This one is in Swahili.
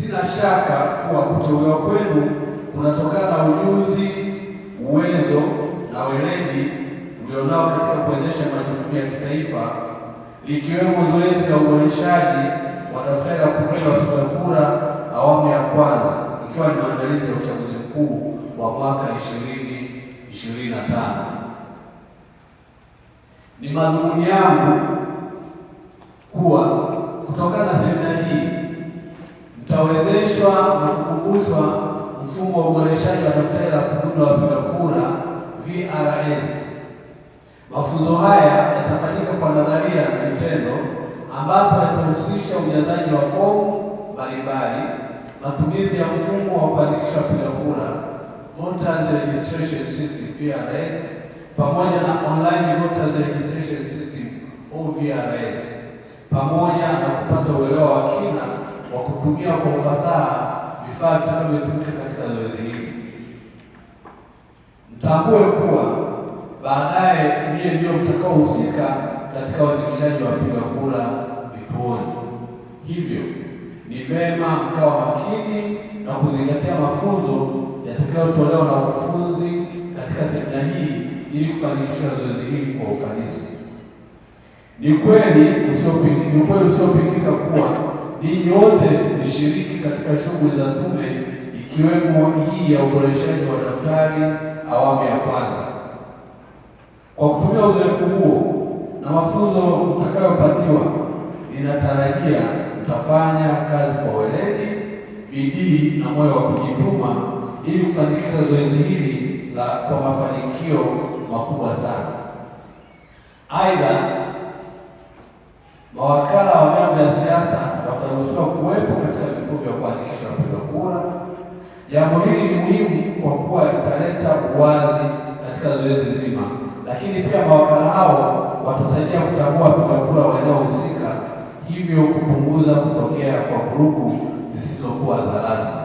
Sina shaka kuwa kuteuliwa kwenu kunatokana na ujuzi, uwezo na weledi mlionao katika kuendesha majukumu ya kitaifa, likiwemo zoezi la uboreshaji wa daftari la kudumu la wapiga kura awamu ya kwanza, ikiwa ni maandalizi ya uchaguzi mkuu wa mwaka 2025. Ni madhumuni yangu watawezeshwa na kukumbushwa mfumo wa uboreshaji wa daftari la kudumu la wapiga kura VRS. Mafunzo haya yatafanyika kwa nadharia na vitendo, ambapo yatahusisha ujazaji wa fomu mbalimbali, matumizi ya mfumo wa kuandikisha wapiga kura voters registration system VRS, pamoja na online voters registration system OVRS, pamoja na kupata uelewa wa kina wa kutumia kwa ufasaha vifaa vinavyotumika katika zoezi hili. Mtambue kuwa baadaye ndiye ndio mtakaohusika katika uandikishaji wa wapiga kura vituoni, hivyo ni vema mkawa makini na kuzingatia mafunzo yatakayotolewa na wakufunzi katika semina hii ili kufanikisha zoezi hili kwa ufanisi. Ni kweli usiopingika kuwa ninyi wote mlishiriki katika shughuli za tume, ikiwemo hii ya uboreshaji wa daftari awamu ya kwanza. Kwa kutumia uzoefu huo na mafunzo mtakayopatiwa, ninatarajia mtafanya kazi kwa weledi, bidii na moyo wa kujituma ili kufanikisha zoezi hili la kwa mafanikio makubwa sana. Aidha, mawakala Jambo hili ni muhimu kwa kuwa litaleta uwazi katika zoezi zima, lakini pia mawakala hao watasaidia kutambua wapiga kura husika hivyo kupunguza kutokea kwa vurugu zisizokuwa za lazima.